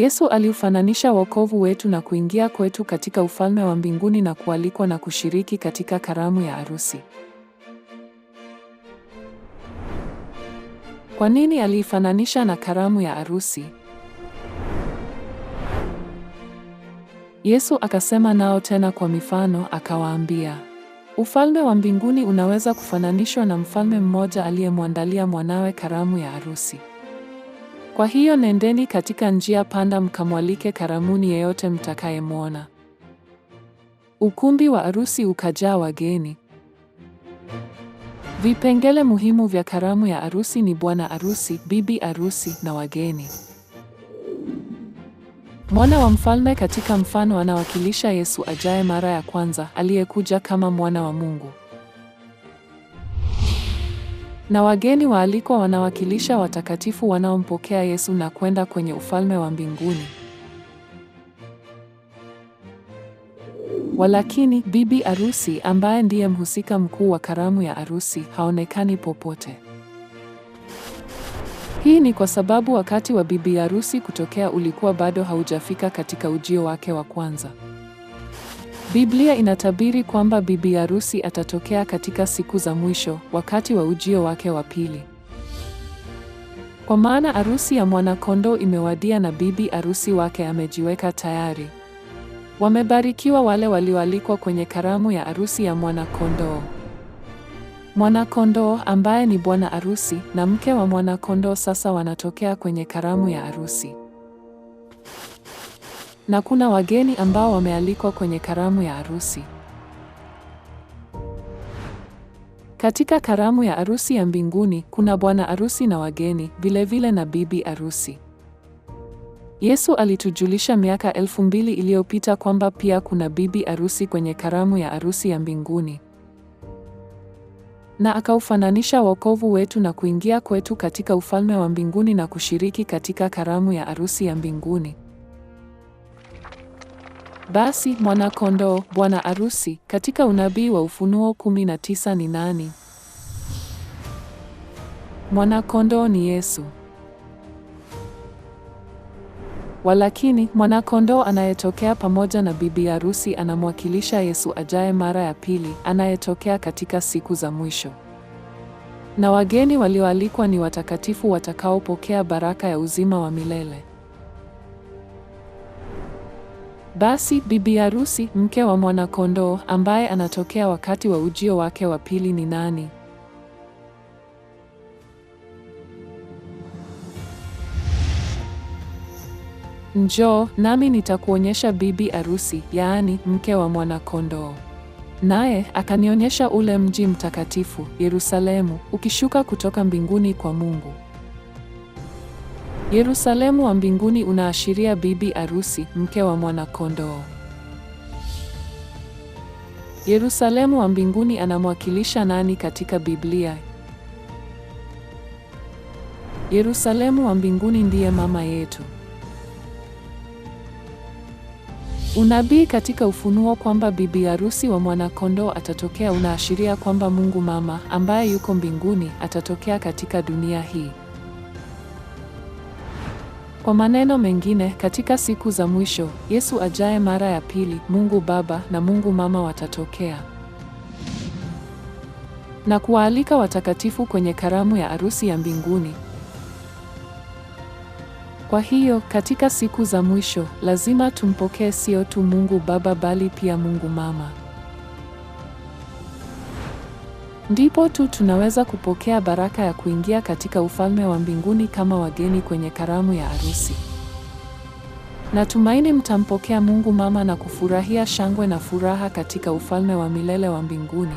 Yesu aliufananisha wokovu wetu na kuingia kwetu katika ufalme wa mbinguni na kualikwa na kushiriki katika karamu ya arusi. Kwa nini aliifananisha na karamu ya arusi? Yesu akasema nao tena kwa mifano, akawaambia, ufalme wa mbinguni unaweza kufananishwa na mfalme mmoja aliyemwandalia mwanawe karamu ya arusi. Kwa hiyo nendeni katika njia panda mkamwalike karamuni yeyote mtakayemwona. Ukumbi wa arusi ukajaa wageni. Vipengele muhimu vya karamu ya arusi ni bwana arusi, bibi arusi na wageni. Mwana wa mfalme katika mfano anawakilisha Yesu ajaye mara ya kwanza, aliyekuja kama mwana wa Mungu na wageni waalikwa wanawakilisha watakatifu wanaompokea Yesu na kwenda kwenye ufalme wa mbinguni. Walakini, bibi arusi ambaye ndiye mhusika mkuu wa karamu ya arusi haonekani popote. Hii ni kwa sababu wakati wa bibi arusi kutokea ulikuwa bado haujafika katika ujio wake wa kwanza. Biblia inatabiri kwamba bibi harusi atatokea katika siku za mwisho, wakati wa ujio wake wa pili. Kwa maana harusi ya mwanakondoo imewadia na bibi harusi wake amejiweka tayari. Wamebarikiwa wale walioalikwa kwenye karamu ya harusi ya mwanakondoo. Mwanakondoo ambaye ni bwana harusi na mke wa mwanakondoo sasa wanatokea kwenye karamu ya harusi na kuna wageni ambao wamealikwa kwenye karamu ya arusi. Katika karamu ya arusi ya mbinguni kuna bwana arusi na wageni, vilevile na bibi arusi. Yesu alitujulisha miaka elfu mbili iliyopita kwamba pia kuna bibi arusi kwenye karamu ya arusi ya mbinguni. Na akaufananisha wokovu wetu na kuingia kwetu katika ufalme wa mbinguni na kushiriki katika karamu ya arusi ya mbinguni. Basi mwanakondoo, bwana arusi katika unabii wa Ufunuo 19 ni nani? Mwanakondoo ni Yesu. Walakini mwanakondoo anayetokea pamoja na bibi arusi anamwakilisha Yesu ajaye mara ya pili, anayetokea katika siku za mwisho. Na wageni walioalikwa ni watakatifu watakaopokea baraka ya uzima wa milele. Basi bibi harusi, mke wa mwanakondoo, ambaye anatokea wakati wa ujio wake wa pili ni nani? Njoo nami nitakuonyesha bibi harusi, yaani mke wa mwanakondoo. Naye akanionyesha ule mji mtakatifu Yerusalemu ukishuka kutoka mbinguni kwa Mungu Yerusalemu wa mbinguni unaashiria bibi arusi, mke wa mwanakondoo. Yerusalemu wa mbinguni anamwakilisha nani katika Biblia? Yerusalemu wa mbinguni ndiye mama yetu. Unabii katika Ufunuo kwamba bibi harusi wa mwanakondoo atatokea unaashiria kwamba Mungu Mama ambaye yuko mbinguni atatokea katika dunia hii. Kwa maneno mengine, katika siku za mwisho, Yesu ajaye mara ya pili, Mungu Baba na Mungu Mama watatokea na kuwaalika watakatifu kwenye karamu ya arusi ya mbinguni. Kwa hiyo, katika siku za mwisho, lazima tumpokee sio tu Mungu Baba bali pia Mungu Mama. ndipo tu tunaweza kupokea baraka ya kuingia katika ufalme wa mbinguni kama wageni kwenye karamu ya arusi. Natumaini mtampokea Mungu Mama na kufurahia shangwe na furaha katika ufalme wa milele wa mbinguni.